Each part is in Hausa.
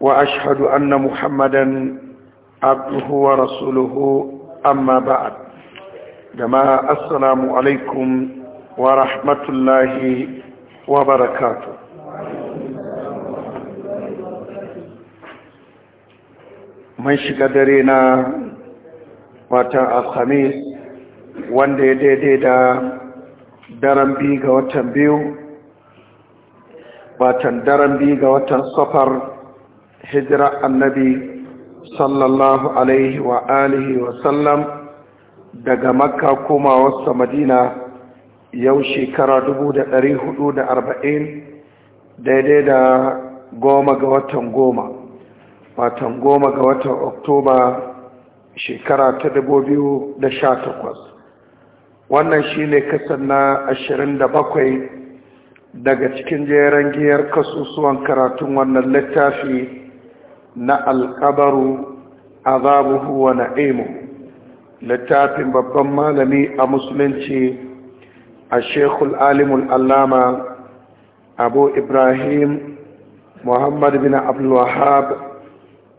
وأشهد أن محمدا عبده ورسوله أما بعد جماعة السلام عليكم ورحمة الله وبركاته من شكدرنا watan alhamis wanda ya daidai da daren biyu ga watan biyu watan daren biyu ga watan safar hijira annabi sallallahu alaihi wa wa sallam daga makka komawarsa wasa madina yau shekara da arba'in daidai da goma ga watan goma watan goma ga watan oktoba shekara ta da sha takwas. wannan shine kasar na ashirin da bakwai daga cikin jeren giyar kasusuwan karatun wannan littafi na alkabaru azabuhu wa na'imu littafin babban malami a musulunci a shekul alimul allama abu ibrahim muhammad bin abdulwahab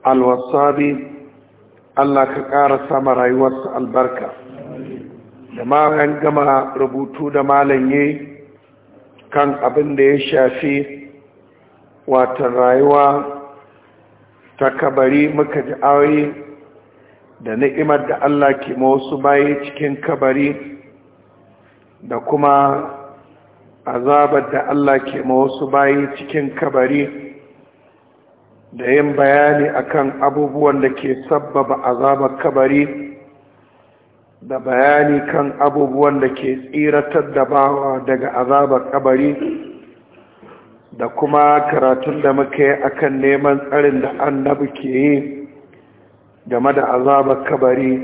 alwasabi allah ka ƙara sama rayuwarsa albarka ma an gama rubutu da malanye kan abin da ya shafi watan rayuwa ta kabari muka ji aure da ni'imar da Allah ke wasu baye cikin kabari da kuma azabar da Allah ke wasu baye cikin kabari da yin bayani akan abubuwan da ke sabbaba azabar kabari da bayani kan abubuwan da ke tsiratar da bawa daga azabar kabari da kuma karatun da muka yi akan neman tsarin da annabi ke yi game da azabar kabari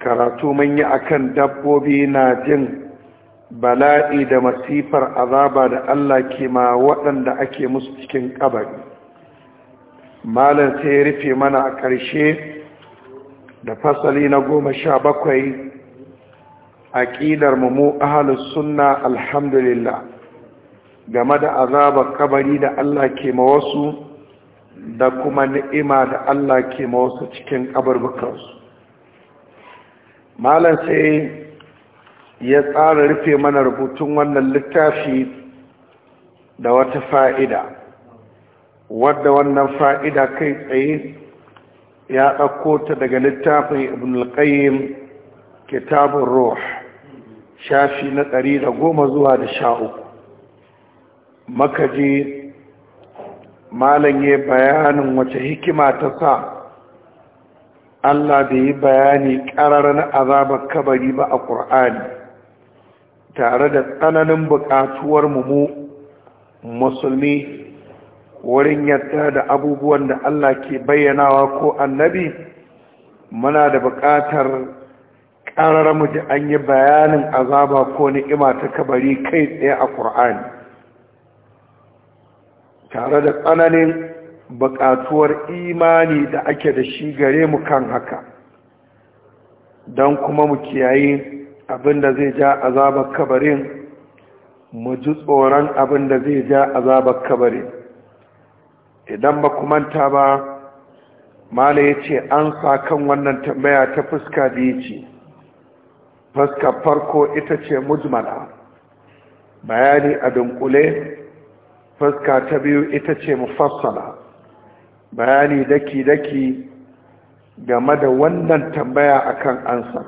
karatu mun yi akan dabbobi na jin bala'i da masifar azaba da Allah ke ma waɗanda ake musu cikin kabari malam sai ya rufe mana a ƙarshe da fasali na goma sha bakwai aƙidar mu ahalus sunna alhamdulillah game da azabar kabari da Allah ke ma wasu da kuma ni'ima da Allah ke ma wasu cikin kabarbukansu malam sai ya tsara rufe mana rubutun wannan littafi da wata fa'ida wadda wannan fa'ida kai tsaye ya ɗauko ta daga littafin ibn al-qayyim kitabun ruh shafi na ɗari da goma zuwa da sha uku makaji malam ya bayanin wace hikima ta sa Allah bai yi bayani na azabar kabari ba a ƙur'ani tare da tsananin buƙatuwar mu musulmi wurin yadda da abubuwan da Allah ke bayyanawa ko annabi muna da buƙatar ƙarar mu ji an yi bayanin azaba ko ni'ima ta kabari kai tsaye a ƙur'ani tare da tsananin bukatuwar imani da ake da shi gare mu kan haka don kuma mu kiyaye abinda zai ja azabar kabarin mu ji tsoron abinda zai ja azabar kabarin idan ba manta ba mala ya ce an sa kan wannan tambaya ta fuska da ya ce fuska farko ita ce mujmala bayani a dunkule fuska ta biyu ita ce mufassala bayani daki-daki game da wannan tambaya akan ansa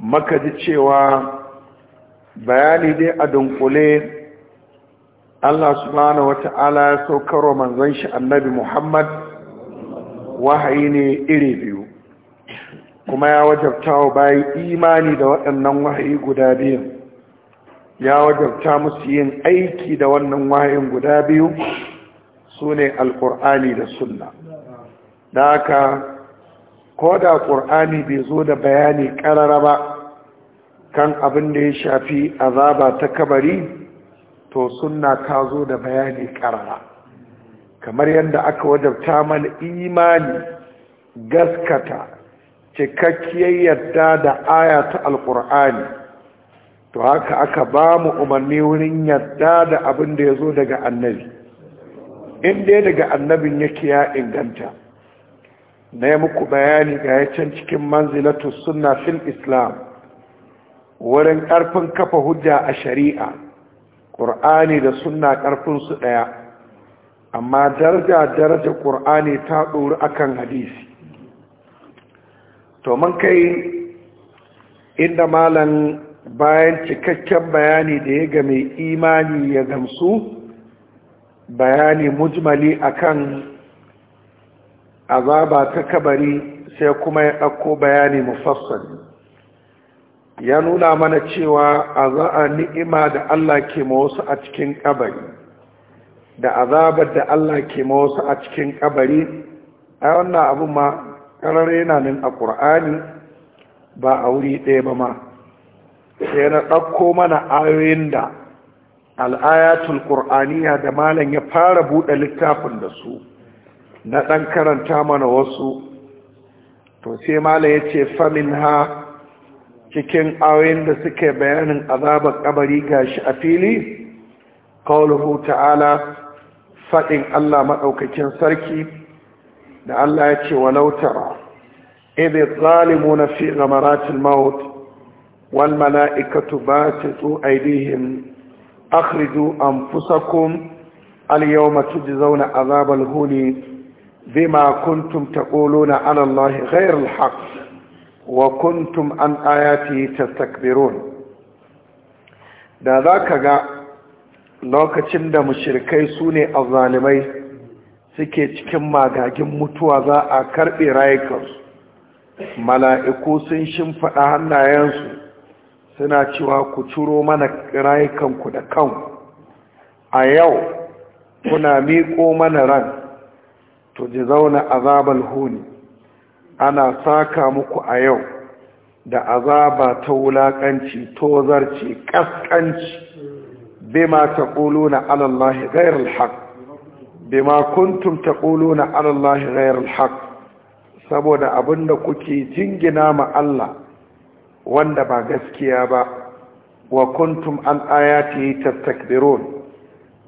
maka ji cewa bayani dai a dunkule Allah subhanahu ta'ala ya saukarwa manzon shi annabi Muhammad wahayi ne iri biyu kuma ya wajabta wa bayan imani da waɗannan wahayi guda biyu ya wajabta musu yin aiki da wannan wayan guda biyu su ne alƙur'ani da sunna da haka ko da ƙur'ani bai zo da bayani ƙarara ba kan abin da ya shafi azaba ta kabari to sunna ta zo da bayani ƙarara kamar yadda aka wajabta mana imani gaskata cikakkiyar yadda da aya ta alƙur'ani to haka aka ba mu umarni wurin yarda da abin da ya zo daga annabi in dai daga annabin yake ya inganta na yi muku bayani ga yacin cikin manzilatu suna fil islam wurin ƙarfin kafa hujja a shari'a ƙur'ani da sunna ƙarfinsu ɗaya amma daraja daraja ƙur'ani ta ɗori akan hadisi to man kai inda malan bayan cikakken bayani da ya mai imani ya gamsu bayani mujmali akan azaba ta kabari sai kuma ya ɗauko bayani mufassali ya nuna mana cewa a ni'ima da Allah ke ma wasu a cikin kabari da azabar da Allah ke ma wasu a cikin kabari a wannan abu ma ƙarar yana nan a ƙur'ani ba a wuri ɗaya ba ma sai na ɗauko mana ayoyin da al'ayatul ƙur'aniya da malam ya fara buɗe littafin da su na ɗan karanta mana wasu to sai malam ya ce famin ha cikin ayoyin da suke bayanin azabar ƙabari gashi a fili kawulhu ta'ala faɗin Allah maɗaukakin sarki da Allah ya ce walautara idan zalimu na fi gamaratul maut والملائكة باسطوا أيديهم أخرجوا أنفسكم اليوم تجزون عذاب الهون بما كنتم تقولون على الله غير الحق وكنتم عن آياته تستكبرون da za ka ga lokacin da mushirikai su ne a suke cikin magagin mutuwa za a karɓe rayukansu mala'iku sun shimfaɗa hannayensu suna cewa ku ciro mana rayukanku da kan a yau kuna miƙo mana ran to ji zauna azabal huni ana saka muku a yau da azaba ta wulaƙanci tozarci ƙasƙanci bima ta ƙulu na alallahi gairar haƙ bima kuntum ta ƙulu na alallahi gairar haƙ saboda abinda kuke jingina ma Allah wanda ba gaskiya ba wa kuntum an ayati tastakbirun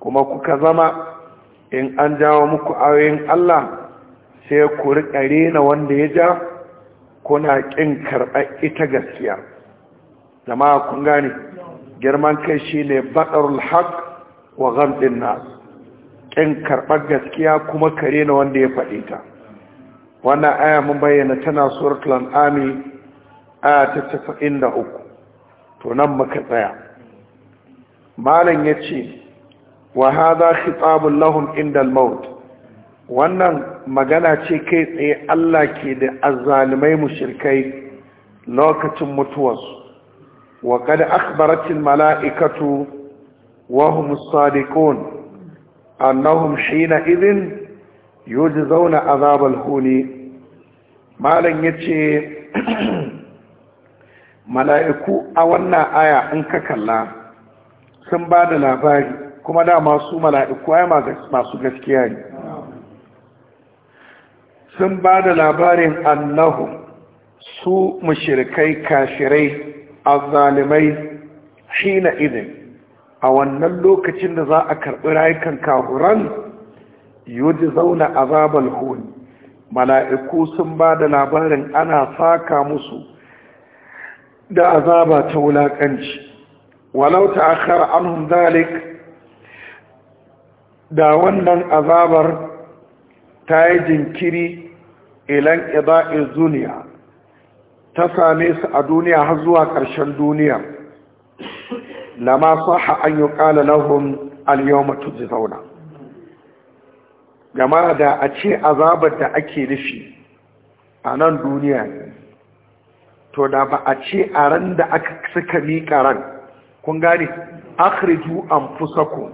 kuma kuka zama in an jawo muku ayoyin Allah sai ku riƙa rena wanda ya ja kuna ƙin karɓar ita gaskiya jama'a kun gane girman kai shine baɗarul haq wa ghamdin nas ƙin karɓar gaskiya kuma kare na wanda ya faɗi ta wannan aya mun bayyana tana suratul an'ami a ta uku to nan muka tsaya malam ya ce wa haza khitabun lahum inda maut wannan magana ce kai tsaye Allah ke da azzalimai mushrikai lokacin mutuwarsu wa qad akhbarat malaikatu wa hum as-sadiqun annahum hina idhin yujzauna azab al-huni malam yace mala'iku a wannan aya in ka kalla sun ba da labari kuma da masu mala'iku ya masu gaskiya ne sun ba da labarin annahu su mushirikai kashirai a shi shina idin a wannan lokacin da za a karɓi rayukan kahuran yudi zauna azabal huni mala'iku sun ba da labarin ana saka musu da azaba ta wulaƙanci walau ta akara anhum zalik da wannan azabar ta yi jinkiri ilan ƙida'in duniya ta same su a duniya har zuwa ƙarshen duniya lama saha an yi ƙala lahun al-yawma gama da a ce azabar da ake nufi a nan duniya ne to da ba a ce a ran da aka suka miƙa ran kun gane akhriju anfusakum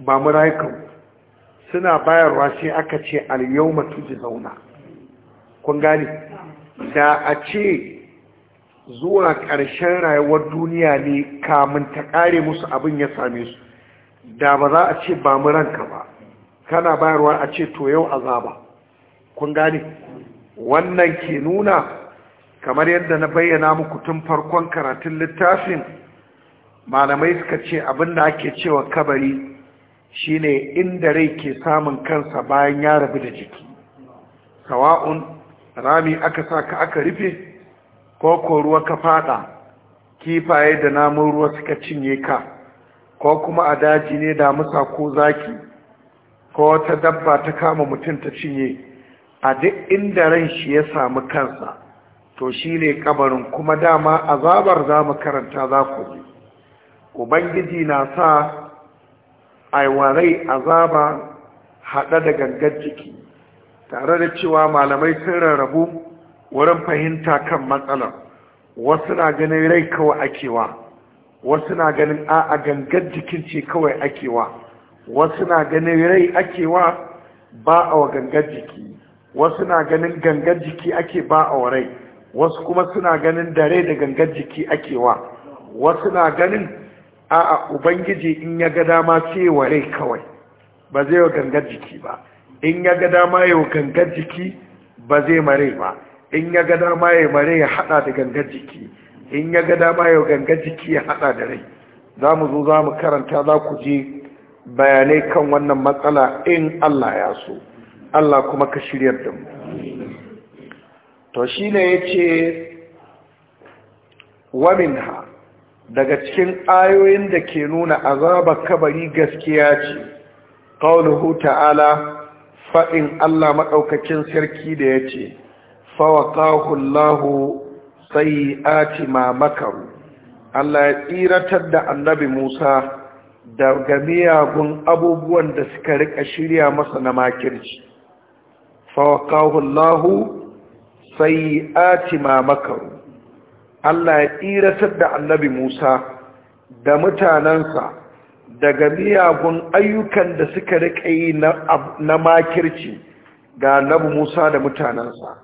ba mu muraikum suna bayarwa sai aka ce al-yawma tujzauna kun gane da a ce zuwa ƙarshen rayuwar duniya ne kamun ta ƙare musu abin ya same su da ba za a ce ba mu ranka ba kana bayarwa a ce to yau azaba kun gane wannan ke nuna kamar yadda na bayyana muku tun farkon karatun littafin malamai suka ce abin da ake cewa kabari shine inda rai ke samun kansa bayan ya rabu da jiki sawa'un rami aka sa ka aka rufe ko ko ruwa ka fada kifaye da namun ruwa suka cinye ka ko kuma a daji ne da musa ko zaki ko wata dabba ta kama mutum ta cinye a duk inda ran shi ya samu kansa to shi ne kabarin kuma dama azabar za mu karanta za ku ji ubangiji na sa aiwarai azaba haɗe da gangar jiki tare da cewa malamai sun rarrabu wurin fahimta kan matsalar wasu na ganin rai kawai akewa wasu na ganin a'a gangar jikin ce kawai akewa wasu na ganin rai akewa ba a wa gangar jiki wasu na ganin gangar jiki ake ba a wa rai wasu kuma suna ganin dare da gangar jiki ake wa wasu na ganin a'a ubangiji in ya ga dama wa rai kawai ba zai wa gangar jiki ba in ya ga dama ya wa gangar jiki ba zai mare ba in ya ga dama ya mare ya hada da gangar jiki in ya ga dama ya gangar jiki ya hada da rai za mu zo za mu karanta za ku je bayanai kan wannan matsala in Allah ya so Allah kuma ka shiryar da mu to shi ne ya ce waminha daga cikin ayoyin da ke nuna azabar kabari gaskiya ce ƙaunuhu ta'ala faɗin Allah maɗaukakin sarki da ya ce Lahu, sai ati ma makaru Allah ya tsiratar da annabi Musa da daga miyagun abubuwan da suka riƙa shirya masa na makirci Lahu. sai atima makaru Allah ya tsira da annabi Musa da mutanensa daga miyagun ayyukan da suka riƙa yi na makirci ga annabi Musa da mutanensa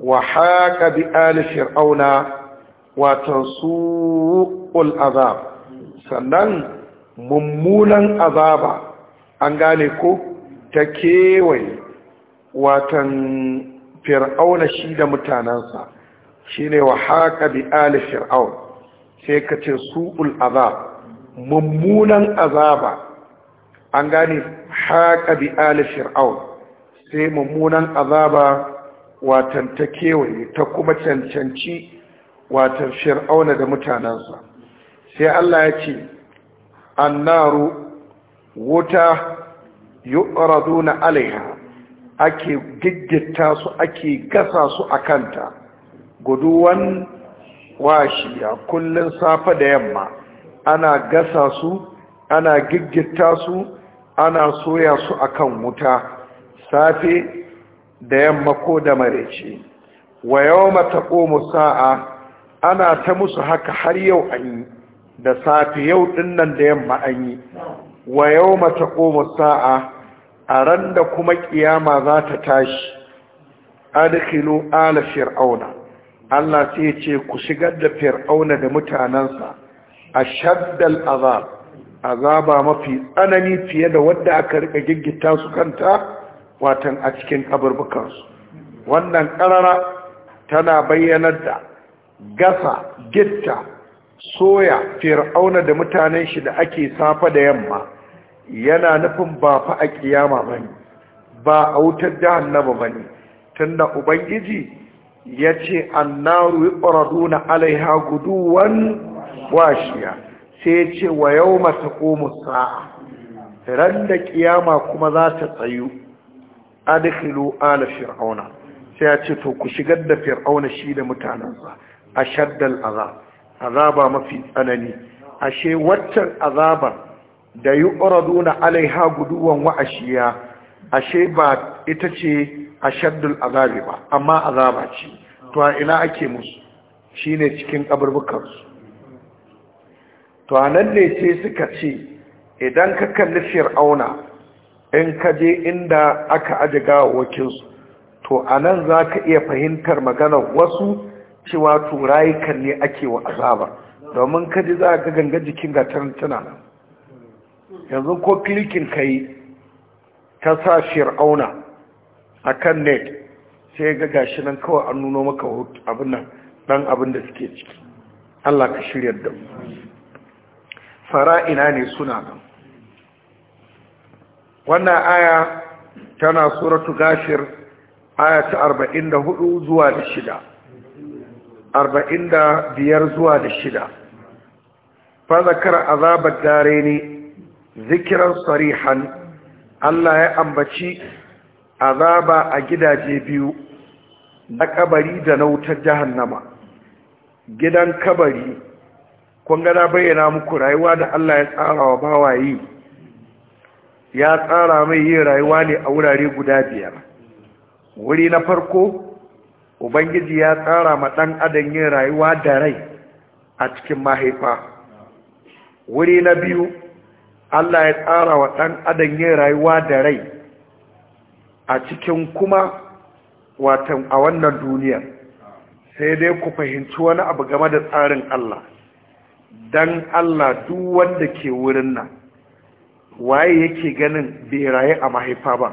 wa haƙa bi ali fir'auna watan su'ul azab sannan mummunan azaba an gane ko ta kewaye watan fir'auna shi da mutanensa shi ne wa haka bi ali fir'aun sai ka ce su'ul azab mummunan azaba an gane haka bi ali fir'aun sai mummunan azaba watan ta kewaye ta kuma cancanci watan fir'auna da mutanensa sai Allah ya ce annaru wuta yu'raduna alaiha ake giggita su ake gasa su a kanta guduwan washi a kullum safe da yamma ana gasa su ana giggita su ana soya su a kan wuta safe da yamma ko da marece wa yau mata sa'a ana ta musu haka har yau an yi da safe yau dinnan da yamma an yi wa yau mata sa'a a ran da kuma ƙiyama za ta tashi adkhilu ala fir'auna Allah sai ya ce ku shigar da fir'auna da mutanansa ashaddal azab azaba mafi tsanani fiye da wanda aka rika giggita su kanta watan a cikin kaburbukansu wannan karara tana bayyanar da gasa gitta soya fir'auna da mutanen shi da ake safa da yamma yana nufin ba fa a kiyama ba ne ba a wutar jahannama ba ne tunda ubangiji ya ce annaru yi ƙwararru na alaiha guduwan washiya sai ya ce wa yau mata komu sa'a ran da kiyama kuma za ta tsayu adkhilu ala fir'auna sai ya ce to ku shigar da fir'auna shi da mutanensa ashaddal azab azaba mafi tsanani ashe waccan azabar da yi yu'raduna alaiha guduwan wa'ashiya ashe ba ita ce a ashaddul azabi ba amma azaba ce to ina ake musu shine cikin kaburbukan su to nan ne sai suka ce idan ka kalli fir'auna in ka je inda aka aje gawa wakinsu to za ka iya fahimtar maganar wasu cewa kan ne ake wa azaba domin ka ji za ga ganga jikin gatar tana yanzu ko klikin ka yi ta sa shir'auna a kan net sai ga gashi nan kawai an nuno maka abin nan dan abin da suke ciki allah ka shirya da mu fara'ina ne suna nan wannan aya tana suratu gashir aya ta arba'in da hudu zuwa da shida arba'in da biyar zuwa da shida fa zakara azabar dare ne zikiran sarihan Allah ya ambaci azaba a gidaje biyu na kabari da na wutar jahannama gidan kabari kun gada bayyana muku rayuwa da Allah ya tsara wa yi ya tsara mai yin rayuwa ne a wurare guda biyar wuri na farko ubangiji ya tsara ma ɗan adan yin rayuwa da rai a cikin mahaifa wuri na biyu Allah ya tsara wa ɗan adam yin rayuwa da rai a cikin kuma watan a wannan duniya sai dai ku fahimci wani abu game da tsarin Allah dan Allah duk wanda ke wurin nan waye yake ganin bai raye a mahaifa ba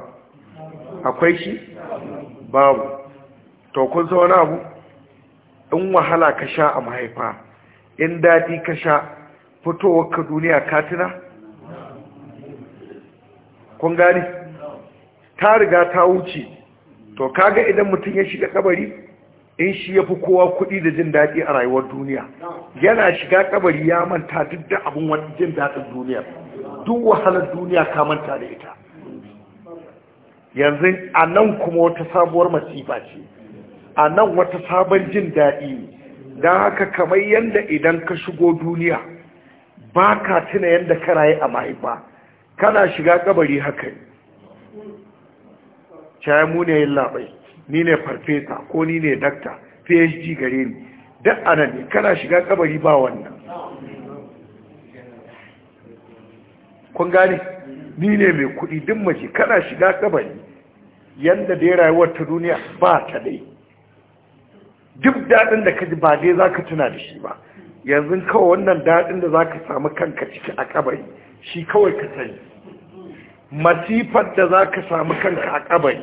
akwai shi babu to kun zo wani abu in wahala ka sha a mahaifa in daɗi ka sha fitowar ka duniya katina kun gani ta riga ta wuce to kaga idan mutum ya shiga kabari in shi ya fi kowa kuɗi da jin daɗi a rayuwar duniya yana shiga kabari ya manta duk da abin wani jin daɗin duniya duk wahalar duniya ka manta da ita yanzu a nan kuma wata sabuwar masifa ce a nan wata sabon jin daɗi ne don haka kamar yadda idan ka shigo duniya ba ka tuna yadda ka rayu a mahaifa kana shiga kabari haka ne? mu ne yin labai ni ne farfesa ko ni ne dakta phd gare ni duk anan ne kana shiga kabari ba wannan kun gane ni ne mai kudi duk mace kana shiga kabari yadda dai rayuwar ta duniya ba ta dai duk daɗin da ka ji ba dai za ka tuna da shi ba yanzu kawai wannan daɗin da za ka samu kanka ciki a kabari shi kawai ka sani masifar da za ka samu kanka a kabari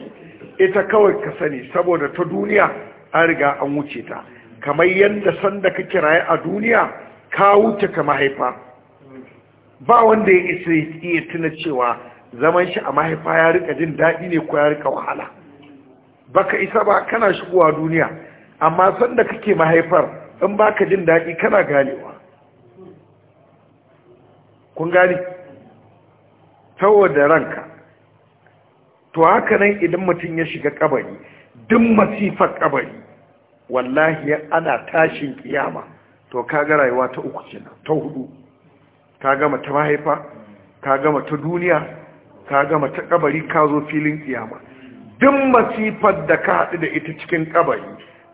ita kawai ka sani saboda ta duniya a riga an wuce ta kamar yadda sanda ka kiraye a duniya ka wuce ka mahaifa ba wanda ya isa iya tuna cewa zaman shi a mahaifa ya rika jin daɗi ne ko ya rika wahala baka isa ba kana shigowa duniya amma sanda kake mahaifar in baka jin daɗi kana ganewa kun gani saboda ranka to haka nan idan mutum ya shiga kabari duk masifar kabari wallahi ana tashin kiyama to kaga rayuwa ta uku kenan ta hudu ka gama ta mahaifa ka gama ta duniya ka gama ta kabari ka zo filin kiyama duk masifar da ka haɗu da ita cikin kabari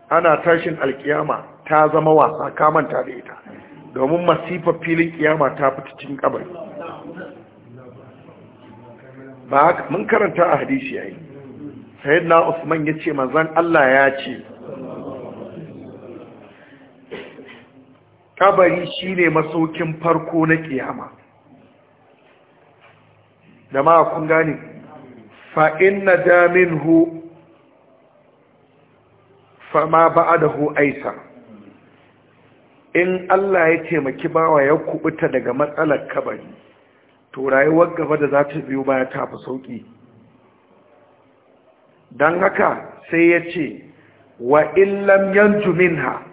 ana tashin alkiyama ta zama wasa ka manta da ita domin masifar filin kiyama ta fita cikin kabari ba haka mun karanta a hadisi yayi sayyidina Usman yace manzon Allah ya ce kabari shine masaukin farko na kiyama da ma kun gane fa damin daminhu fa ma ba'adahu aisa. in Allah ya taimaki bawa ya kubuta daga matsalar kabari to rayuwar gaba da za ta biyu baya ta fi sauƙi don haka sai ya ce wa illam yanju minha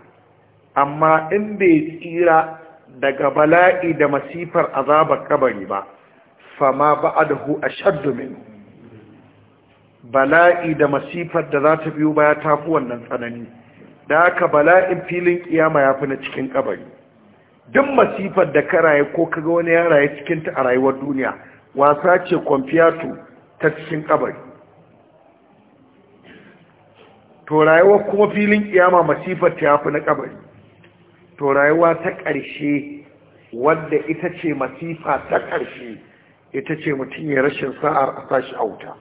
amma in bai tsira daga bala'i da masifar azabar kabari ba fama ba'adahu ashaddu minhu bala'i da masifar da za ta biyu baya tafi wannan tsanani da haka bala'in filin kiyama ya fi na cikin kabari duk masifar da ka raye ko kaga wani ya raye cikin ta a rayuwar duniya wasa ce kwamfiyatu ta cikin kabari to rayuwar kuma filin kiyama masifar ta yafi na kabari to rayuwa ta ƙarshe wadda ita ce masifa ta ƙarshe ita ce mutum ya rashin sa'ar a sashi wuta.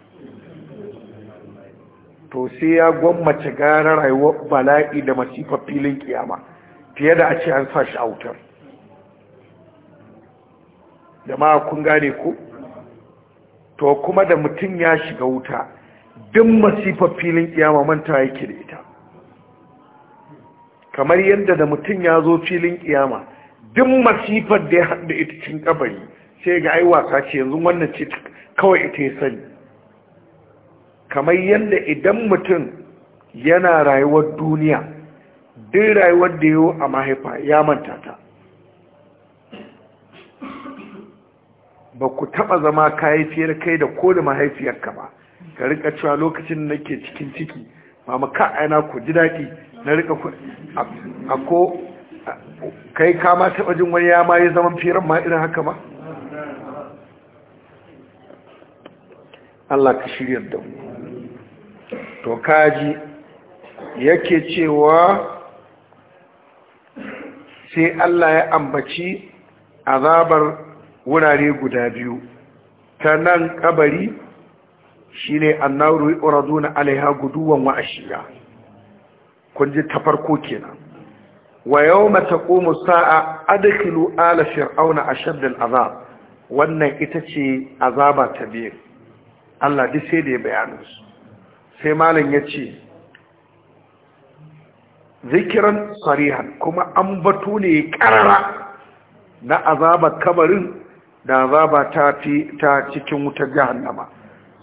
to sai ya gwammace gara rayuwar bala'i da masifar filin kiyama fiye da a ce an sa shi a wutar jama'a kun gane ku to kuma da mutum ya shiga wuta duk masifar filin kiyama manta yake da ita kamar yadda da mutum ya zo filin kiyama duk masifar da ya haɗa ita cin kabari sai ga ai wasa ce yanzu wannan ce kawai ita ya sani kamar yadda idan mutum yana rayuwar duniya duk rayuwar da yiwu a mahaifa ya manta ta ba ku taba zama fiye fiyar kai da ko da mahaifiyarka ba ka rika cewa lokacin da nake cikin ciki mama ka aina ku ji daɗi na rika ku a ko kai kama taɓa jin wani ya ma yi zaman firan ma irin haka ba Allah ka shirya da mu to kaji yake cewa sai Allah ya ambaci azabar wurare guda biyu ta nan kabari shine uradu na alaiha guduwan wa ashiya kun ji ta farko kenan wa mata komu sa'a alashir auna a ashadd azab. wannan ita ce azaba ta biyu Allah duk sai da ya bayanin sai malam ya ce zikiran sarihan kuma an batu ne karara na azabar kabarin da azaba ta fi ta cikin wutar jahannama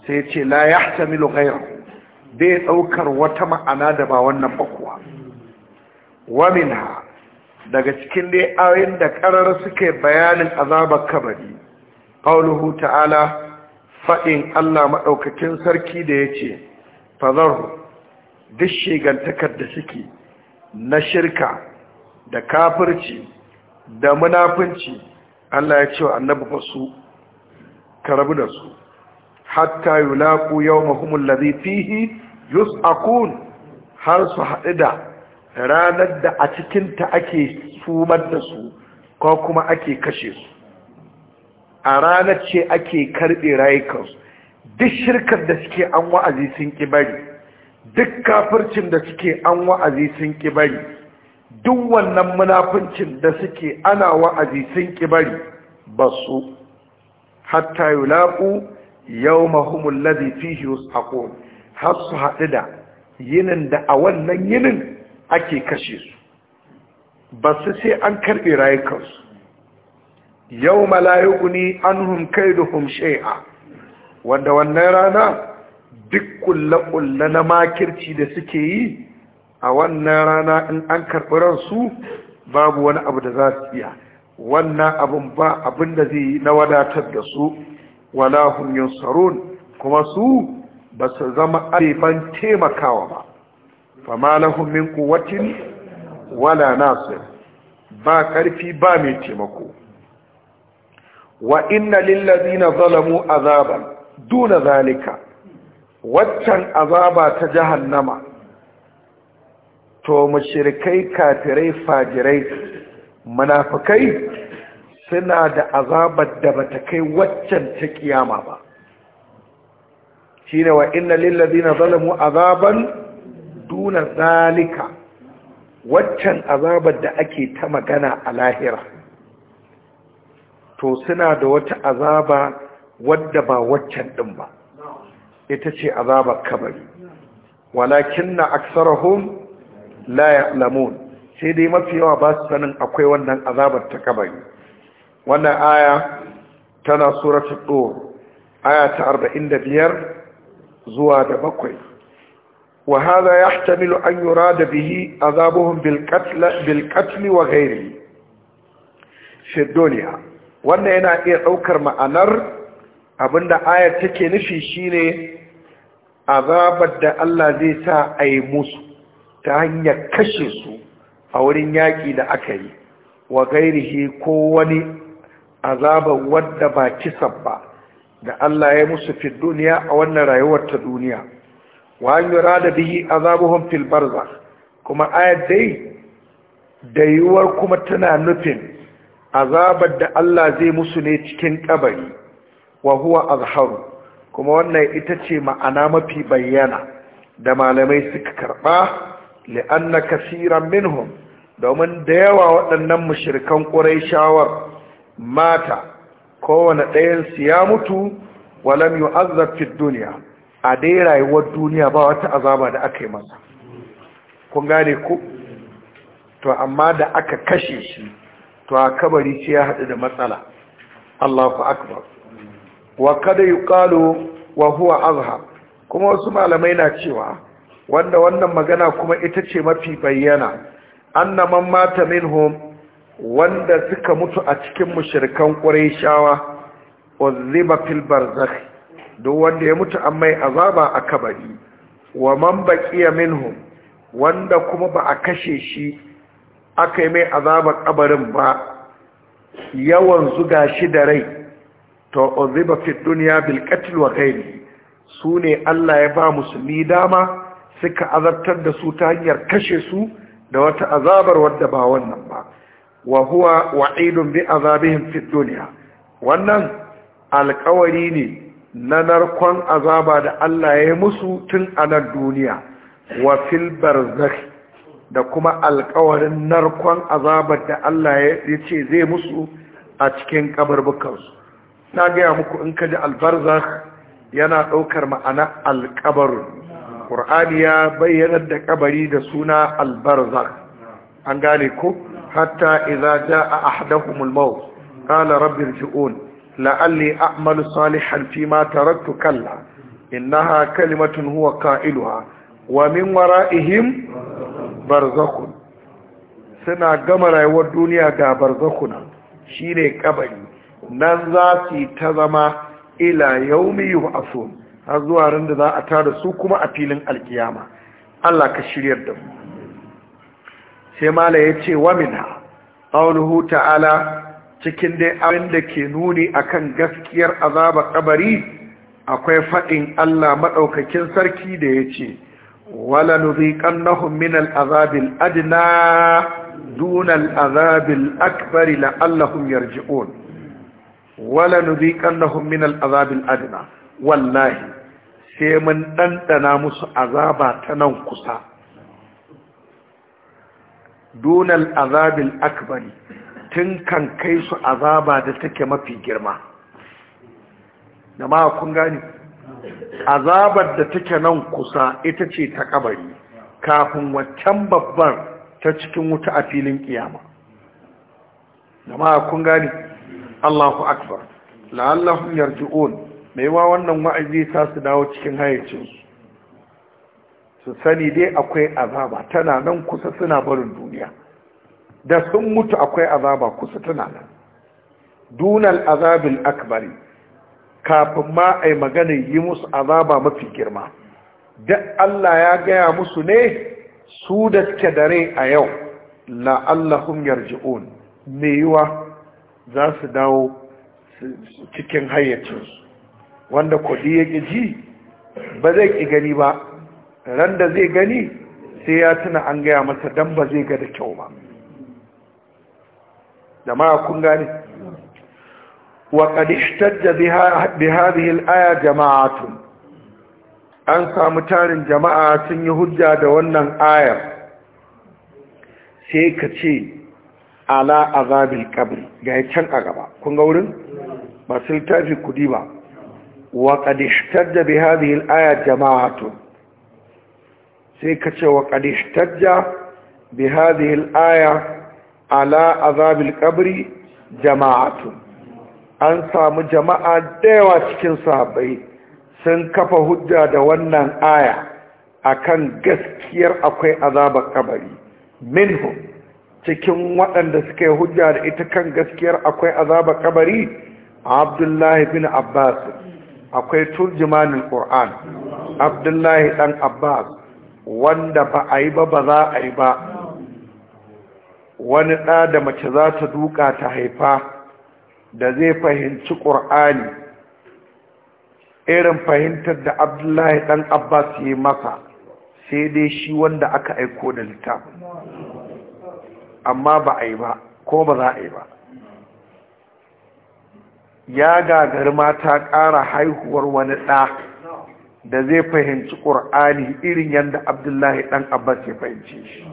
sai ce la yahtamilu ghayra bai daukar wata ma'ana da ba wannan ba kuwa ha daga cikin dai ayoyin da karara suke bayanin azabar kabari qauluhu ta'ala fadin Allah maɗaukacin sarki da ya ce. fazarhu duk shigantakar da suke na shirka da kafirci da munafunci Allah ya ce wa annabi ba su karabu da su hatta yulaqu yawmahum alladhi fihi yus'akun har su haɗu da ranar da a cikinta ake sumar da su ko kuma ake kashe su a ranar ce ake karɓe rayukansu duk shirkar da suke an wa'azi sun ki bari duk kafircin da suke an wa'azi sun ki bari duk wannan munafincin da suke ana wa'azi sun ki bari ba su hatta yulaqu yawmahum alladhi fihi yus'aqun har su haɗu da yinin da a wannan yinin ake kashe su ba su sai an karɓi rayukansu yau malayu ne an hunkai da humshe'a wanda wannan rana duk kulle-kulle na makirci da suke yi a wannan rana in an karɓi ransu babu wani abu da za su iya wannan abin ba abin da zai yi na wadatar da su wala hum yunsarun kuma su ba su zama alifan taimakawa ba fama na hunmin quwwatin wala nasir ba ƙarfi ba mai taimako wa inna zina zalamu azaban duna zalika waccan azaba ta jahannama to mushrikai kafirai fajirai munafikai suna da azabar da bata kai waccan ta kiyama ba shine wa inna lil ladina zalamu azaban duna zalika waccan azabar da ake ta magana a lahira to suna da wata azaba wadda ba waccan ɗin ba ita ce azabar kabari walakin na aksarahum la sai dai mafi yawa ba su sanin akwai wannan azabar ta kabari wannan aya tana suratul dur aya ta biyar zuwa da bakwai wa hadha yahtamilu da yurada bihi azabuhum bil qatl wannan yana iya ɗaukar ma'anar abinda ayar take nufi shine azabar da Allah zai sa a yi musu ta hanyar kashe su a wurin yaƙi da aka yi wa gairihi ko wani azabar wadda ba kisan ba da Allah ya musu fi duniya a wannan rayuwar ta duniya wa an da bihi azabuhum fil barza. kuma ayar dai da yiwuwar kuma tana nufin azabar da Allah zai musu ne cikin ƙabari. wa huwa azharu kuma wannan ita ce ma'ana mafi bayyana da malamai suka karɓa li'anna kasiran minhum domin da yawa waɗannan mushrikan shawar mata kowane ɗayansu ya mutu walam yu'azzab fi duniya a dai rayuwar duniya ba wata azaba da aka yi masa kun gane ku to amma da aka kashe shi to a kabari ce ya haɗu da matsala Allahu akbar wa kada yuqalu wa huwa azha kuma wasu malamai na cewa wanda wannan magana kuma ita ce mafi bayyana anna man mata minhum wanda suka mutu a cikin mushrikan quraishawa uzziba fil barzakh duk wanda ya mutu an mai azaba a kabari wa man baqiya minhum wanda kuma ba a kashe shi aka yi mai azabar kabarin ba yawan zuga shi da rai to uziba fi dunya bil qatl wa ghairi sune Allah ya ba musulmi dama suka azabtar da su ta hanyar kashe su da wata azabar wadda ba wannan ba wa huwa wa'idun bi azabihim fi dunya wannan alƙawari ne na narkon azaba da Allah ya yi musu tun a nan duniya wa fil barzakh da kuma alƙawarin narkon azabar da Allah ya ce zai musu a cikin kabarbukansu na gaya muku in ka ji albarzakh yana ɗaukar ma'ana alƙabarun ƙur'ani ya bayyanar da ƙabari da suna albarzakh an gane ko hatta ja jaa ahaduhumul maut qala rabbi irji'un la'alli a'malu salihan fima taraktu kalla innaha kalimatun huwa qailuha wa min wara'ihim barzakhun suna gama rayuwar duniya ga barzakhuna shine kabari nan za su ta zama ila yaumi asu, har zuwa ran da za a tara su kuma a filin alkiyama Allah ka shiryar da mu sai mala yace wa minha ƙaunuhu ta'ala cikin dai abin da ke nuni akan gaskiyar azaba kabari akwai faɗin Allah maɗaukakin sarki da ya wala nuziqannahum min al'azabin azab al azabin akbari al la'allahum yarji'un wala nuziqannahum min al-adna wallahi sai mun dandana musu azaba ta nan kusa al azab al-akbar tun kan kai su azaba da take mafi girma jama'a kun gani azabar da take nan kusa ita ce ta kabari kafin waccan babbar ta cikin wuta a filin kiyama jama'a kun gani Allahu akbar la'allahum yarji'un mai wa wannan wa'azi ta su dawo cikin hayyacin su sani dai akwai azaba tana nan kusa suna barin duniya da sun mutu akwai azaba kusa tana nan dunal azabil akbari kafin ma a yi magana yi musu azaba mafi girma da Allah ya gaya musu ne su da suke dare a yau la'allahum yarji'un mai yiwa za su dawo cikin hayyacinsu wanda kudi ya ƙi ji ba zai ƙi gani ba ran da zai gani sai ya tuna an gaya masa don ba zai ga da kyau ba jama'a kun gane da احتج بهذه jama'a tun. an samu tarin jama'a sun yi hujja da wannan ayar sai ka ce ala azabil qabr ga can a gaba kun ga wurin sul tafi kudi ba wa qad ishtadda bi hadhihi al-aya jama'atu sai ka ce wa qad ishtadda bi hadhihi al-aya ala azabil qabr jama'atu an samu jama'a da yawa cikin sahabbai sun kafa hujja da wannan aya akan gaskiyar akwai azabar kabari minhum cikin waɗanda suka yi hujja da ita kan gaskiyar akwai azaba kabari abdullahi bin abbas akwai turjimanin ƙor'an abdullahi ɗan abbas wanda ba a yi ba ba za a yi ba wani ɗa da mace za ta duka ta haifa da zai fahimci ƙor'ani irin fahimtar da abdullahi ɗan abbas ya yi masa sai dai shi wanda aka aiko da littafin amma ba a yi ba ko ba za a yi ba ya gagar mata ƙara haihuwar wani ɗa da zai fahimci ƙur'ani irin yadda abdullahi ɗan abbas ya fahimci shi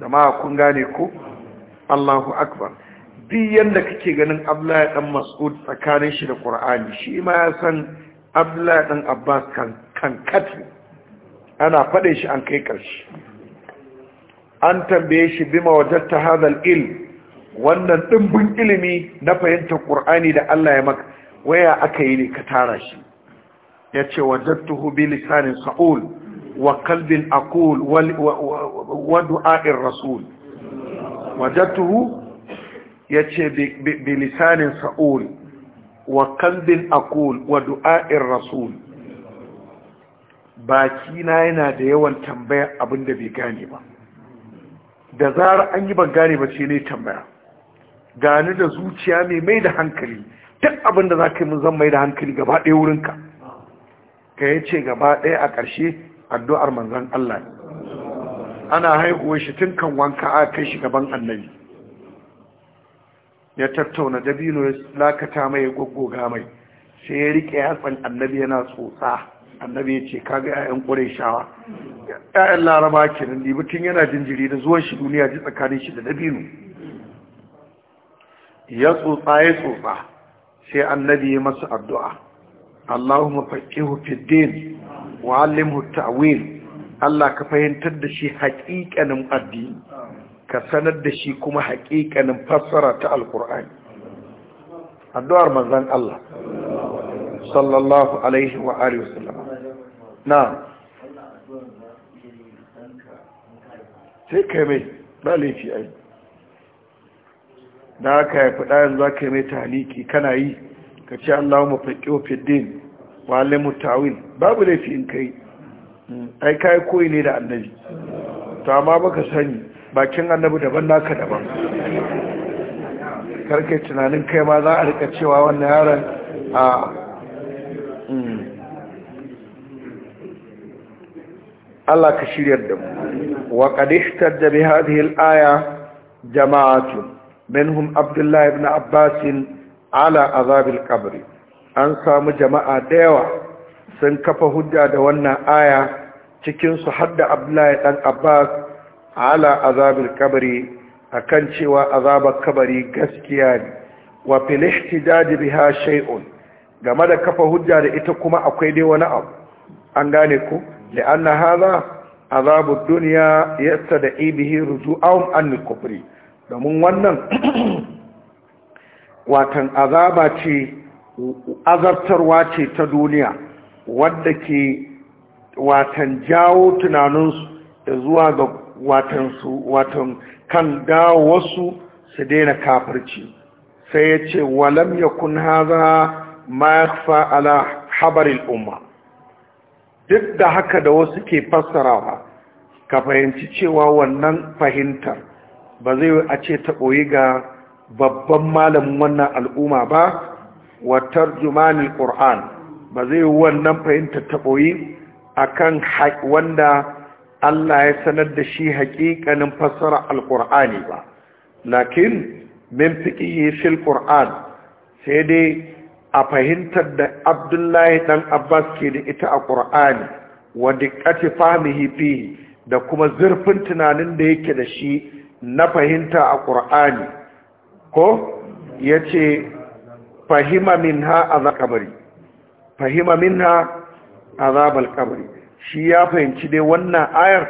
zama kun gane ku allahu akbar duk yadda kake ganin abdullahi ɗan mas'ud tsakanin shi da ƙur'ani shi ma ya san abdullahi ɗan abbas kan kati ana faɗe shi an kai ƙarshe an tambaye shi bima wajatta hadal ilm wannan dimbin ilimi na fahimtar qur'ani da Allah ya maka waya aka yi ne ka tara shi yace wajadtuhu bi lisanin sa'ul wa qalbin aqul wa du'a'ir rasul wajadtuhu yace bi lisanin sa'ul wa qalbin aqul wa du'a'ir rasul baki na yana da yawan tambayar abin da bai gane ba da zarar an yi ban ba ce ne tambaya gani da zuciya mai mai da hankali duk abin da za ka yi mun zan mai da hankali gaba ɗaya wurinka ka ya ce gaba ɗaya a ƙarshe addu'ar manzan Allah ne ana haihuwa shi tun kan wanka a kai shi gaban annabi ya tattauna dabino ya lakata mai gwaggoga mai sai ya riƙe yatsan annabi yana tsotsa annabi ya ce kaga 'ya'yan ƙureshawa 'ya'yan laraba kenan ne mutum yana jinjiri da zuwan shi duniya ji tsakanin shi da dabino ya tsotsa ya tsotsa sai annabi ya masa addu'a Allahumma faqihu fid din wa 'allimhu ta'wil Allah ka fahimtar da shi haƙiƙanin addini ka sanar da shi kuma haƙiƙanin fassara ta alƙur'ani addu'ar manzon Allah sallallahu alaihi wa alihi wasallam sai kai mai ba laifi ai da aka haifi ɗayan za ka yi mai taliki kana yi ka ce allahu mafaƙi ofiddin wale mutawil babu laifi in kai mm, ai kai koyi ne da annabi to amma baka sani bakin annabi daban naka daban karkai tunanin kai ma za a rika cewa wannan yaron a mm. Allah ka shirya da mu wa qad da bi hadhihi al-aya jama'atun minhum Abdullah ibn Abbas ala azab al-qabr an samu jama'a da yawa sun kafa hujja da wannan aya cikin su hadda Abdullah dan Abbas ala azab al-qabr akan cewa azabar kabari gaskiya ne wa fil ihtidad biha shay'un game da kafa hujja da ita kuma akwai dai wani abu an gane ku لأن هذا عذاب الدنيا يستدعي به رجوعهم عن الكفر domin wannan watan azaba ce azartarwa ce ta duniya wadda ke watan jawo tunaninsu da zuwa ga watansu watan kan dawo wasu su daina kafirci sai yace ce walam yakun haza ma fa'ala ala habaril umma duk da haka da wasu ke fassarawa ka fahimci cewa wannan fahimtar ba zai a ce ta ɓoyi ga babban malamin wannan al'umma ba wa tarjumanin ƙur'an ba zai wannan fahimtar ta ɓoyi a kan wanda Allah ya sanar da shi haƙiƙanin fassara alƙur'ani ba lakin min yi fil ƙur'an sai dai a fahimtar da abdullahi dan abbas ke da ita a ƙur'ani wadda ƙati famihi fihi da kuma zurfin tunanin da yake da shi na fahimta a ƙur'ani ko ya ce fahima minha ha a zaƙabari fahima a zaɓar ƙabari shi ya fahimci dai wannan ayar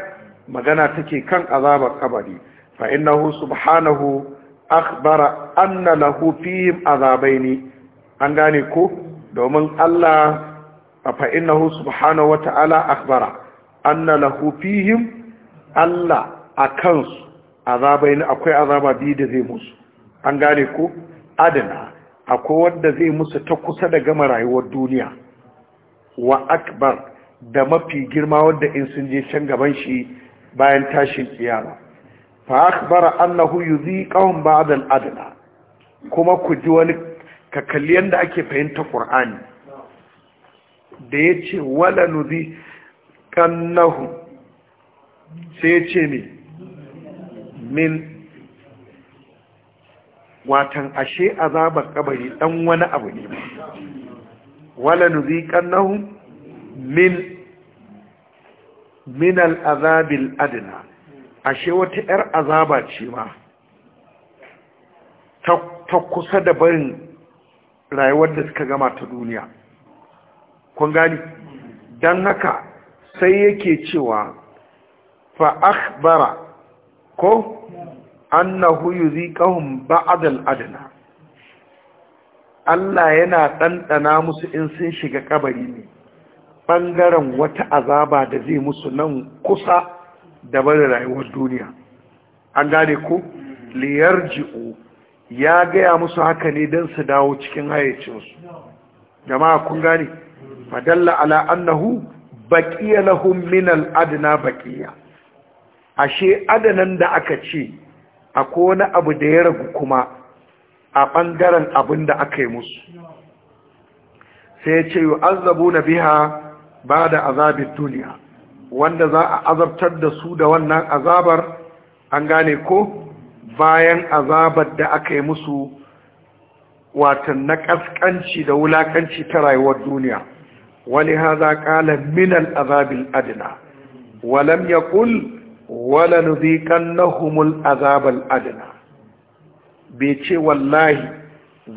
magana take kan azabar ƙabari fa'inahu subhanahu akhbara anna lahu fihim ne. an gane ko domin Allah fa innahu subhanahu wata'ala akhbara anna lahu fihim Allah akan su ne, akwai azaba biyu da zai musu an gane ko adana akwai wanda zai musu ta kusa da gama rayuwar duniya wa akbar da mafi girma wanda in sun je can gaban shi bayan tashin kiyama fa akbara annahu yuziqahum ba'da al-adna kuma ku ji wani ka kalli yadda ake fahimta ƙur'ani da ya ce wala nuzi kannahu sai ya ce ne min watan ashe azabar kabari dan wani abu ne wala nuzi kannahu min min al'azabil adina ashe wata 'yar azaba ce ma ta kusa da barin rayuwar da suka gama ta duniya kun gani don haka sai yake cewa faakbara ko annahu yuziqahum ba'd al-adna Allah yana ɗanɗana musu in sun shiga ƙabari ne ɓangaren wata azaba da zai musu nan kusa da bari rayuwar duniya an gane ku liyarji'u ya gaya musu haka ne don su dawo cikin hayyacinsu jama'a kun gane madalla ala annahu baƙiya lahum min adana baƙiya ashe adanan da aka ce akwai wani abu da ya ragu kuma a ɓangaren abin da aka yi musu sai ya ce biya ba da azabin duniya, wanda za a azabtar da su da wannan azabar an gane ko bayan azabar da aka yi musu watan na ƙasƙanci da wulaƙanci ta rayuwar duniya wani za ƙala minal azabin adina walam ya ƙul wala nuziƙan na humul azabar adina bai ce wallahi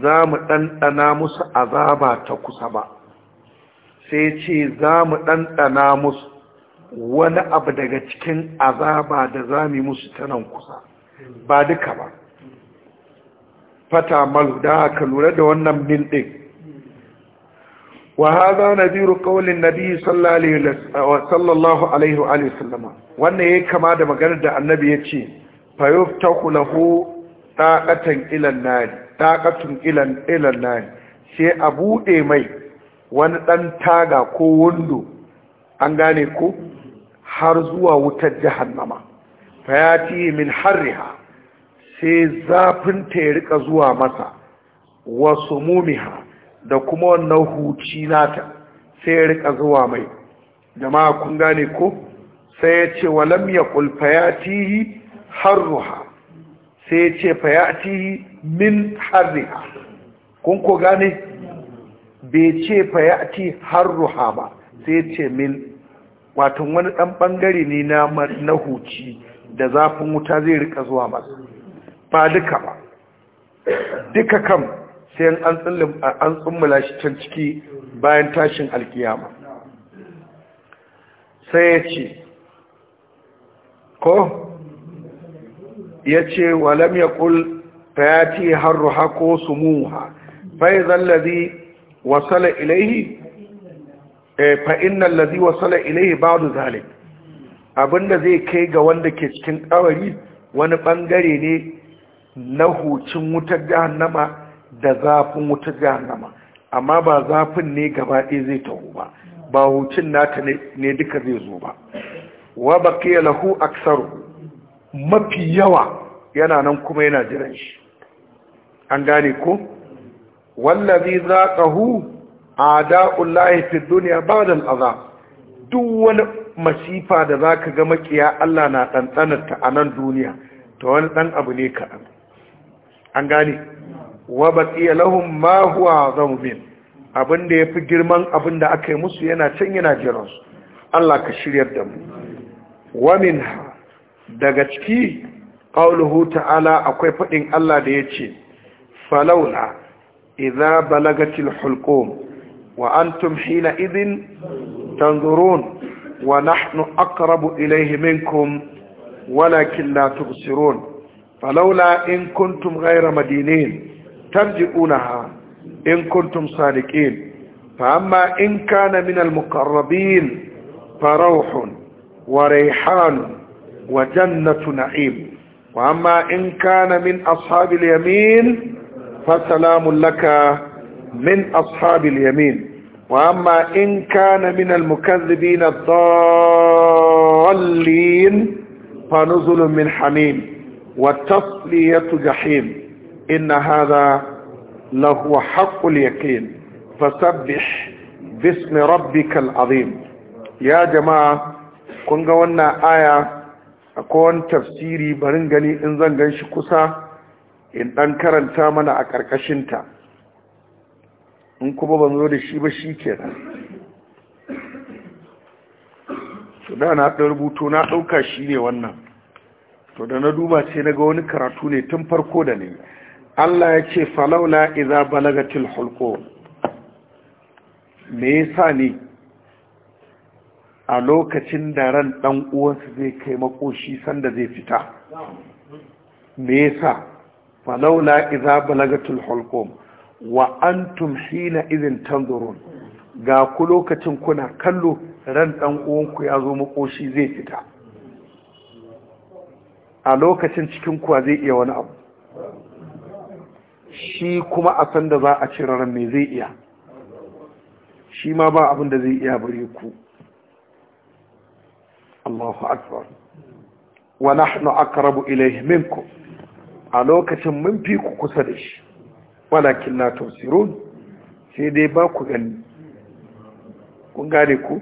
za mu ɗanɗana musu azaba ta kusa ba sai ce za mu ɗanɗana musu wani abu daga cikin azaba da za mu yi musu ta kusa ba duka ba fata malu da aka lura da wannan min ɗin wa haza na biyu ƙaunin nabi sallallahu alaihi wa sallama wannan ya kama da maganar da annabi ya ce fayof ta kulahu ɗaƙatun ilan nari sai a buɗe mai wani ɗan taga ko wando an gane ko har zuwa wutar jihannama fayati min harriha sai zafin ta ya rika zuwa masa wasu mumiha da kuma wannan huci nata sai ya rika zuwa mai jama'a kun gane ko sai ya ce walam ya kulfayatihi harruha sai ya ce fayatihi min harriha kun ko gane bai ce fayati harruha ba sai ya ce min watan wani dan bangare ne na huci da zafin wuta zai rika zuwa ba, ba duka ba duka kam sai an tsummula shi can ciki bayan tashin alkiyama sai ya ce ko ya ce walam ya kul fayati harruha ko muha fai zallazi wasala ilaihi eh, fa'in nan lazi wasala ilaihi ba da zalik Abin da zai kai ga wanda ke cikin kawari wani bangare ne na hucin wutar jahannama da zafin wutar jahannama amma ba zafin ne gaba ɗaya zai taho ba ba hucin nata ne duka zai zo ba wa baqiya lahu aksaru mafi yawa yana nan kuma yana jiran shi an gane ko wallazi zaqahu a'da'ullahi fid dunya da al'azab duk wani masifa da za ka ga makiya Allah na ta a nan duniya ta wani ɗan abu ne ka an gane wa tsaye lahun ma huwa zaumin abin da ya fi girman abin da aka yi musu yana can yana jiransu Allah ka shiryar da mu wamin daga ciki ƙauluhu ta'ala akwai faɗin Allah da ya ce falaula iza balagatil hulqum wa an na izin? tanzurun ونحن أقرب إليه منكم ولكن لا تبصرون فلولا إن كنتم غير مدينين ترجعونها إن كنتم صادقين فأما إن كان من المقربين فروح وريحان وجنة نعيم وأما إن كان من أصحاب اليمين فسلام لك من أصحاب اليمين وأما إن كان من المكذبين الضالين فنزل من حميم وتصلية جحيم إن هذا لهو حق اليقين فسبح باسم ربك العظيم يا جماعة كن قولنا آية أكون تفسيري برنجني إن جنش قصة إن أنكرن ثامن أكركشنتا in kuma ban zo da shi ba shi ke to da na ɗan rubuto na ɗauka shi ne wannan to da na duba sai na ga wani karatu ne tun farko da ne Allah ya ce falaula iza balagatil hulqum me yasa ne a lokacin da ran ɗan uwansa zai kai makoshi sanda zai fita me yasa falaula iza balagatil hulqum wa antum hina idin tanzurun ga ku lokacin kuna kallo ran dan uwanku ya zo makoshi zai fita a lokacin cikin kuwa zai iya wani abu shi kuma a san da za a cire ran me zai iya shi ma ba abin da zai iya bare ku Allahu akbar wa nahnu akrabu ilayhi minkum a lokacin mun fi ku kusa da shi walakin la tafsirun sai dai ba ku gani kun gane ku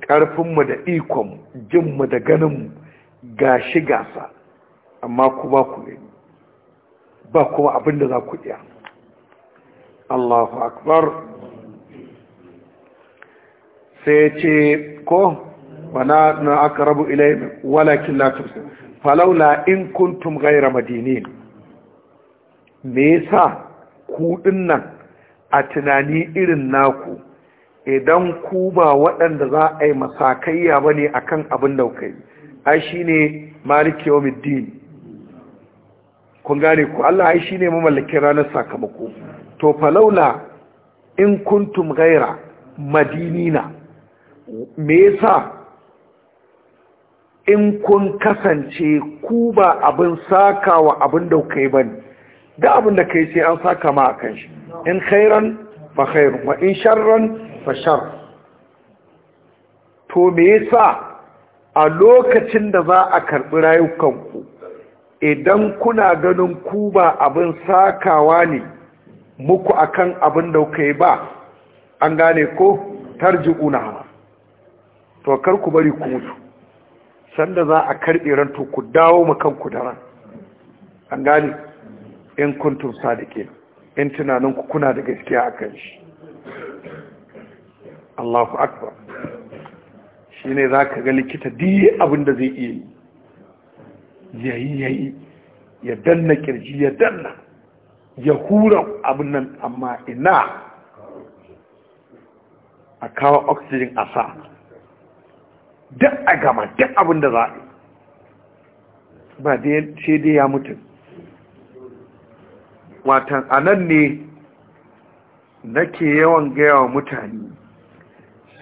ƙarfinmu da ikon mu da ganinmu gashi gasa amma ku ba ku gani ba kuma abin da za ku iya Allahu akbar sai ce ko wana na aka rabu ilayin walakin Falau falaula in kuntum gaira madinin me yasa kuɗin nan a tunani irin naku idan ku ba waɗanda za a yi masakayya ba ne a kan abin da ai shi ne maliki yau middini kun gane ku Allah ai shi ne mamallakin ranar sakamako to falaula in kuntum gaira madinina me yasa in kun kasance ku ba abin sakawa abin da ba ne? da abin da kai sai an saka ma a kan shi in khairan fa khairu wa in sharran fa shar to me yasa a lokacin da za a karɓi rayukanku idan kuna ganin ku ba abin sakawa ne muku akan abin da kai ba an gane ko tarji'una to kar ku bari ku mutu sanda za a karbi ran to ku dawo mu kanku daren, an gane in kuntum sadiqin in tunanin ku kuna da gaskiya kan shi Allahu akbar shine zaka ga likita diye abin da zai iya yayi yayi ya danna kirji ya danna ya hura abin nan amma ina a kawo oxygen a sa duk a gama duk abin da za a yi ba sai dai ya mutu. watan anan ne nake yawan gaya wa mutane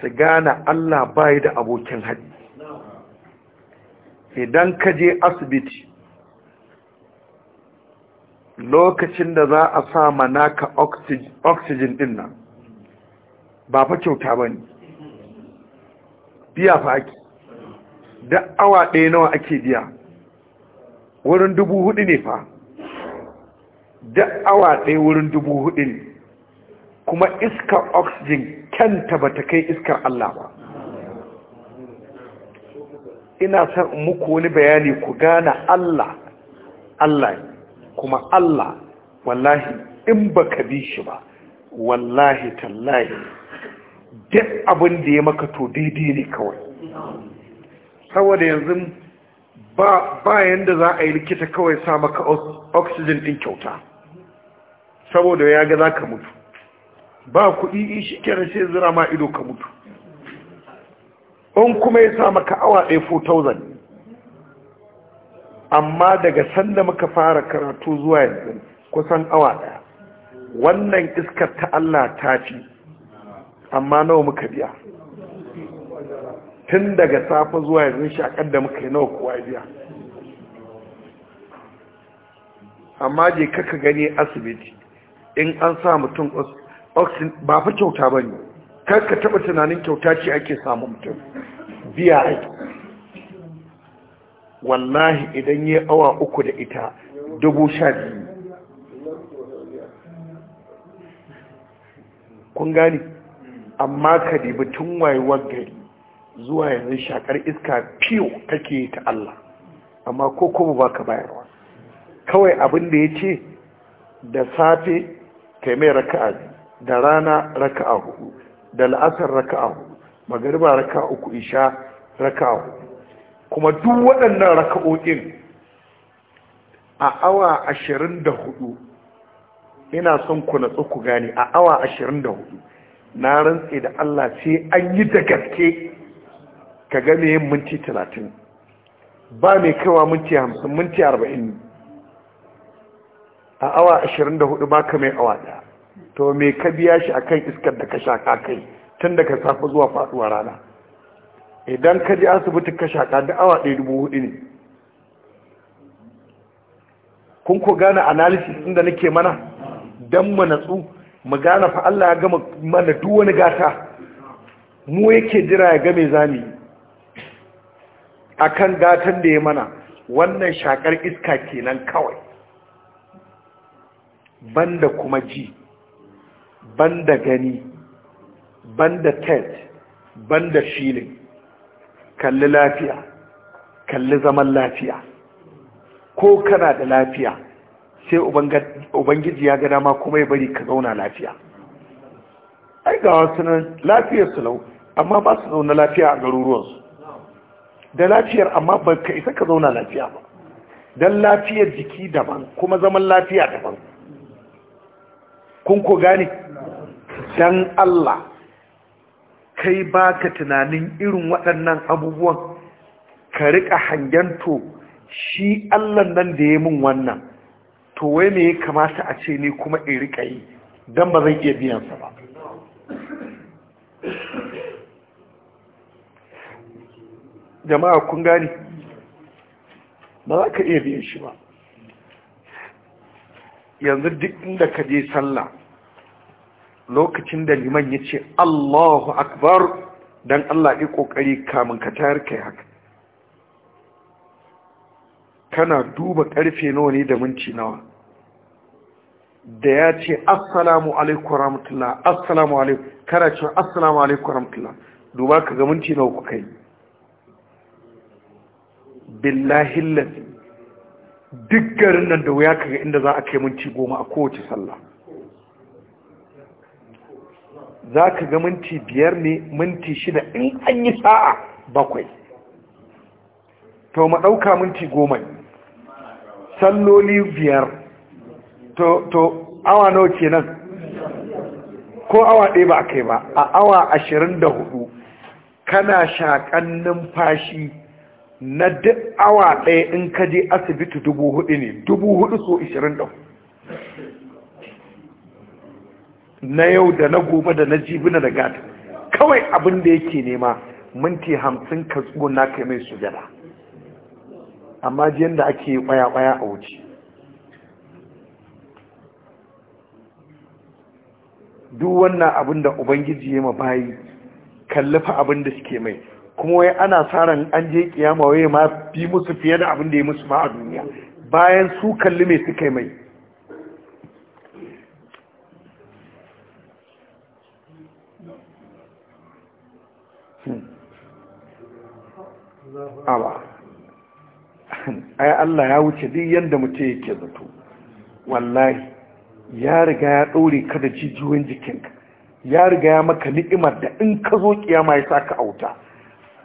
su gane Allah bai da abokin haɗi idan ka je asibiti lokacin da za a sa manaka oxygen din nan ba fa kyauta ba ne biya fa ake da awa ɗaya nawa ake biya wurin dubu hudu ne fa duk awa ɗaya wurin dubu hudu kuma iskar oxygen kyanta ba ta kai iskar Allah ba ina son muku wani bayani ku gane Allah Allah kuma Allah wallahi in ba ka bi shi ba wallahi tallahi duk abin da ya maka to daidai ne kawai saboda yanzu ba yanda za a yi likita kawai sa maka oxygen din kyauta saboda ya ga za ka mutu ba kuɗi shi kenan sai zira ma ido ka mutu in kuma ya sa maka awa ɗaya 4,000 amma daga sanda muka fara karatu zuwa yanzu kusan awa ɗaya wannan iskar ta Allah ta ci amma nawa muka biya tun daga safa zuwa yanzu shakar da muka yi nawa kowa biya amma je kaka gani asibiti in an sa mutum oxygen ba fa kyauta ba ne kar ka taɓa tunanin kyauta ce ake samu mutum biya aiki wallahi idan ya awa uku da ita dubu sha biyu kun gani amma ka dibi tun wayewar gari zuwa yanzu shakar iska fiyo kake ta Allah amma ko kuma ba ka bayarwa kawai abin da ya ce da safe kai mai raka'a da rana raka'a hudu da la'asar raka'a hudu magariba raka'a uku isha raka'a hudu kuma duk waɗannan raka'o'in a awa ashirin da hudu ina son ku na ku gane a awa ashirin da hudu na rantse da Allah sai an yi da gaske ka game yin minti talatin ba mai kaiwa minti hamsin minti arba'in a awa 24 ba ka mai awa ɗaya to me ka biya shi a kan iskar da ka shaƙa kai tun daga safe zuwa faɗuwa rana idan ka ji asibiti ka shaƙa da awa ɗaya dubu hudu ne kun ko gane analysis inda nake mana don mu natsu mu gane fa Allah ya gama mana duk wani gata mu yake jira ya game zami akan gatan da ya mana wannan shakar iska kenan kawai banda kuma ji banda gani banda tet banda filin kalli lafiya kalli zaman lafiya ko kana da lafiya sai ubangiji ya gada ma kuma ya bari ka zauna lafiya ai ga wasu nan lafiyar su lau amma ba su zauna lafiya a garuruwansu da lafiyar amma ba ka isa ka zauna lafiya ba don lafiyar jiki daban kuma zaman lafiya daban kun ko gane dan Allah kai baka tunanin irin waɗannan abubuwan ka riƙa to, shi Allah nan da ya mun wannan to wai me ya kamata a ce ni kuma in riƙa yi dan ba zan iya biyan sa ba jama'a kun gane ba za ka iya biyan shi ba yanzu duk inda ka je sallah lokacin da liman ya ce Allahu akbar don Allah yi kokari kamun ka tayar kai haka kana duba karfe nawa ne da minti nawa da ya ce assalamu alaikum ramtula assalamu alaikum kana ce assalamu alaikum ramtula duba ka ga minti nawa kuka yi billahi duk garin nan da wuya ka ga inda za a kai minti goma a kowace sallah za ka ga minti biyar ne minti shida in an yi sa'a bakwai to ma ɗauka minti goma salloli biyar to awa nawa kenan ko awa ɗaya ba a kai ba a awa ashirin da hudu kana shaƙan numfashi na duk awa ɗaya in ka je asibiti dubu hudu ne dubu hudu so ishirin ɗau na yau da na gobe da na jibina da gata kawai abin da yake nema minti hamsin ka na kai mai sujada amma jiyan da ake kwaya-kwaya a wuce duk wannan abin da ubangiji ya ma bayi kallafa abin da suke mai kuma wai ana tsaron an je kiyama wai ma bi musu fiye da abin da ya musu ma a duniya bayan su kalli mai suka mai awa ai Allah ya wuce duk yadda mutum yake zato wallahi ya riga ya ɗore ka da jijiyoyin jikinka ya riga ya maka ni'imar da in ka zo kiyama ya sa ka auta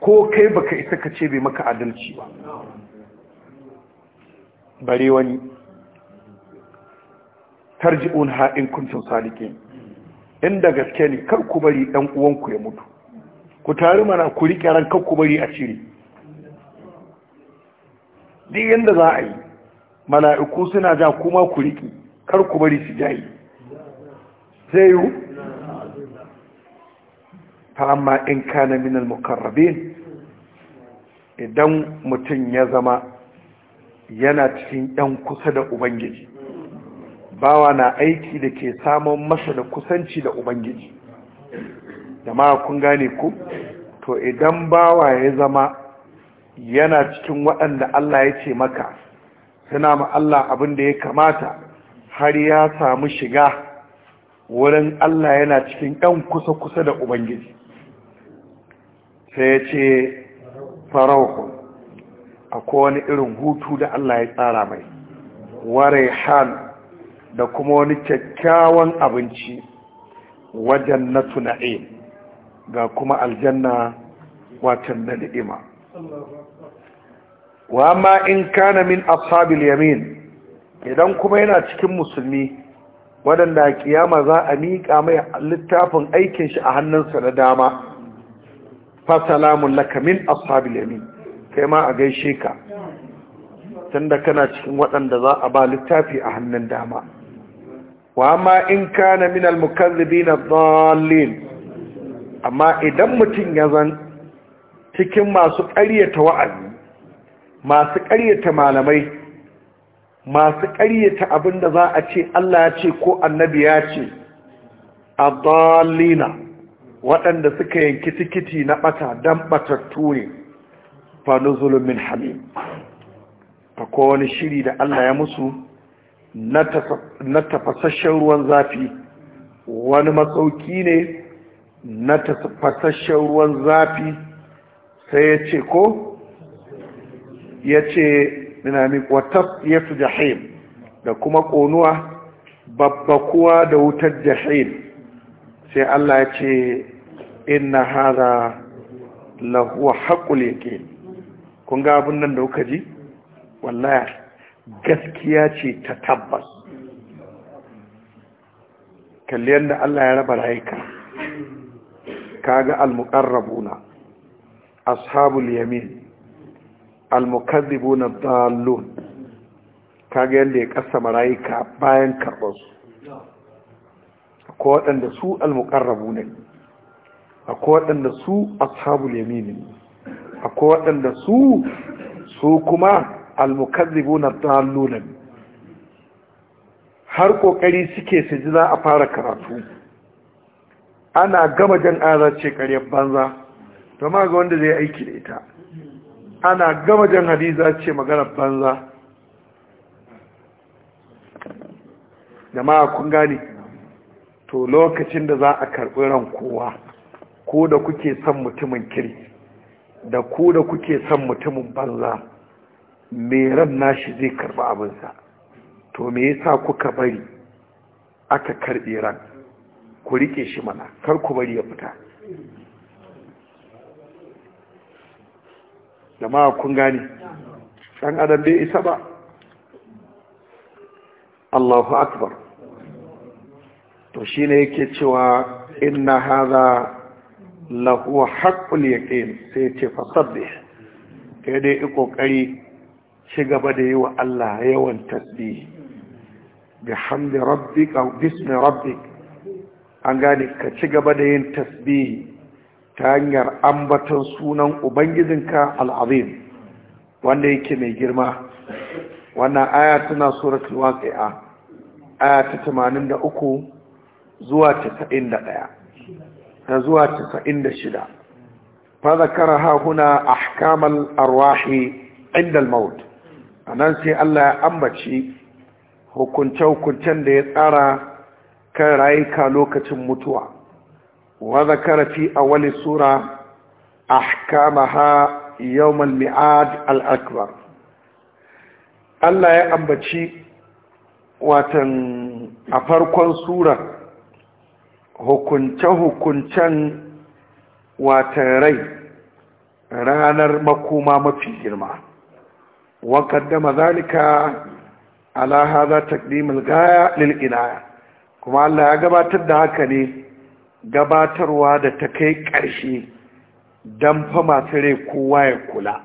ko kai baka isa ka ce bai maka adalci ba bare wani tarji'un ha'in in salike inda gaske ne kar ku bari ɗan uwanku ya mutu ku taru mana ku riƙe ran kar ku bari a cire duk yadda za a yi mala'iku suna ja kuma ku riƙe kar ku bari su jayi sai yiwu fa amma in kana min al mukarrabin idan mutum ya zama yana cikin yan kusa da ubangiji bawa na aiki da ke samun masa da kusanci da ubangiji ma kun gane ku to idan bawa ya zama yana cikin waɗanda Allah ya ce maka suna ma Allah abin da ya kamata har ya samu shiga wurin Allah yana cikin ɗan kusa-kusa da Ubangiji sai ya ce farauhun akwai wani irin hutu da Allah ya tsara mai ware hal da kuma wani kyakkyawan abinci wajen na tuna'in ga kuma aljanna watan na ni'ima wa ma in kana min ashabil yamin idan kuma yana cikin musulmi waɗanda kiyama za a miƙa mai littafin aikin shi a hannunsa na dama Fasalamun lakamin laka min ashabil kai ma a gaishe ka tunda kana cikin waɗanda za a ba littafi a hannun dama wa ma in kana min almukazzibin ad amma idan mutum ya zan cikin masu ƙaryata wa'azi masu ƙaryata malamai masu ƙaryata abin da za a ce Allah ya ce ko annabi ya ce ad waɗanda suka yanki tikiti na ɓata don ɓatattu ne fanuzulun zulumin hamim ta wani shiri da Allah ya musu na tafasasshen ruwan zafi wani masauki ne na tafasasshen ruwan zafi sai ya ce ko ya ce dinamik wata ya su jahim da kuma ƙonuwa babba kuwa da wutar jahim sai Allah ya ce inna hada lahuwa haqqul yaqin kun ga abin nan da kuka ji wallahi gaskiya ce ta tabbas kalli yanda Allah ya raba rayuka kaga al-muqarrabuna ashabul yamin al-mukazzibuna dallun kaga yadda ya kasa rayuka bayan karbansu akwai waɗanda su almuqarrabu ne akwai waɗanda su ashabul yamini ne akwai waɗanda su su kuma almukazzibu na dalilan har kokari suke su za a fara karatu ana gama jan azace kariyar banza to ma ga wanda zai aiki da ita ana gama jan hadiza ce magana banza jama'a kun gani. to lokacin da za a karɓi ran kowa ko da kuke son mutumin kiri da ko da kuke son mutumin banza mai ran nashi zai karɓi abinsa to me yasa kuka bari aka karɓi ran ku rike shi mana kar ku bari ya fita jama'a kun gane ɗan adam bai isa ba Allahu akbar to shi ne yake cewa inna haza lahu haqqul yaƙin sai ce fasabbih kai dai kokari ci gaba da yi wa Allah yawan tasbi. hamdi bihamdi rabbika bismi rabbik an gane ka ci gaba da yin tasbi ta hanyar ambaton sunan ubangijinka al'azim wanda yake mai girma wannan aya tana suratul waqi'a aya ta 83 zuwa casa'in da zuwa 96 fa zakara ha huna ahkamal arwahi inda al a anan sai Allah ya ambaci hukunce-hukuncen da ya tsara kan rayuka lokacin mutuwa wa zakara fi awali sura ahkamaha yawmal mi'ad al-akbar Allah ya ambaci watan a farkon surar hukunce-hukuncen watan rai ranar makoma mafi girma وقدم ذلك على هذا تقديم الغاية Kuma Allah ya gabatar da haka ne gabatarwa da ta kai ƙarshe don fa masu rai kowa ya kula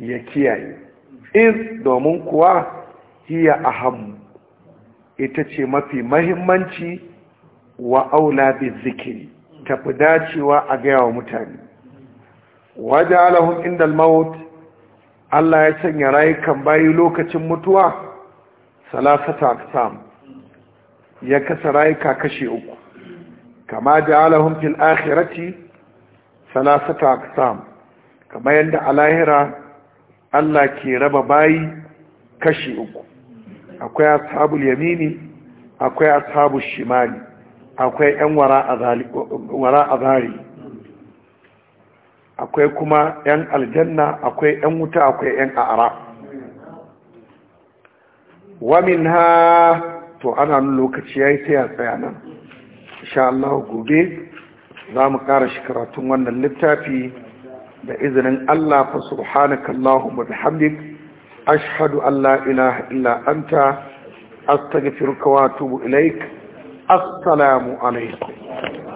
ya kiyaye in domin kuwa hiya aham ita ce mafi mahimmanci wa aula bi zikiri tafi dacewa a gaya wa mutane waje alahun inda maut Allah ya sanya rayukan bayi lokacin mutuwa salasata aksam ya kasa rayuka kashe uku kama da alahun fil akhirati salasata aksam kama yadda a lahira Allah ke raba bayi kashe uku akwai ashabul yamini akwai ashabul shimali akwai 'yan wara a zari akwai kuma 'yan aljanna akwai 'yan wuta akwai 'yan ara wamin ha to ana lokaci ya yi sai a tsaya nan Allah gobe za mu ƙara shi karatun wannan littafi da izinin Allah fa subhanaka Allahumma bihamdik ashhadu an la ilaha illa anta astaghfiruka wa atubu ilaik assalamu alaikum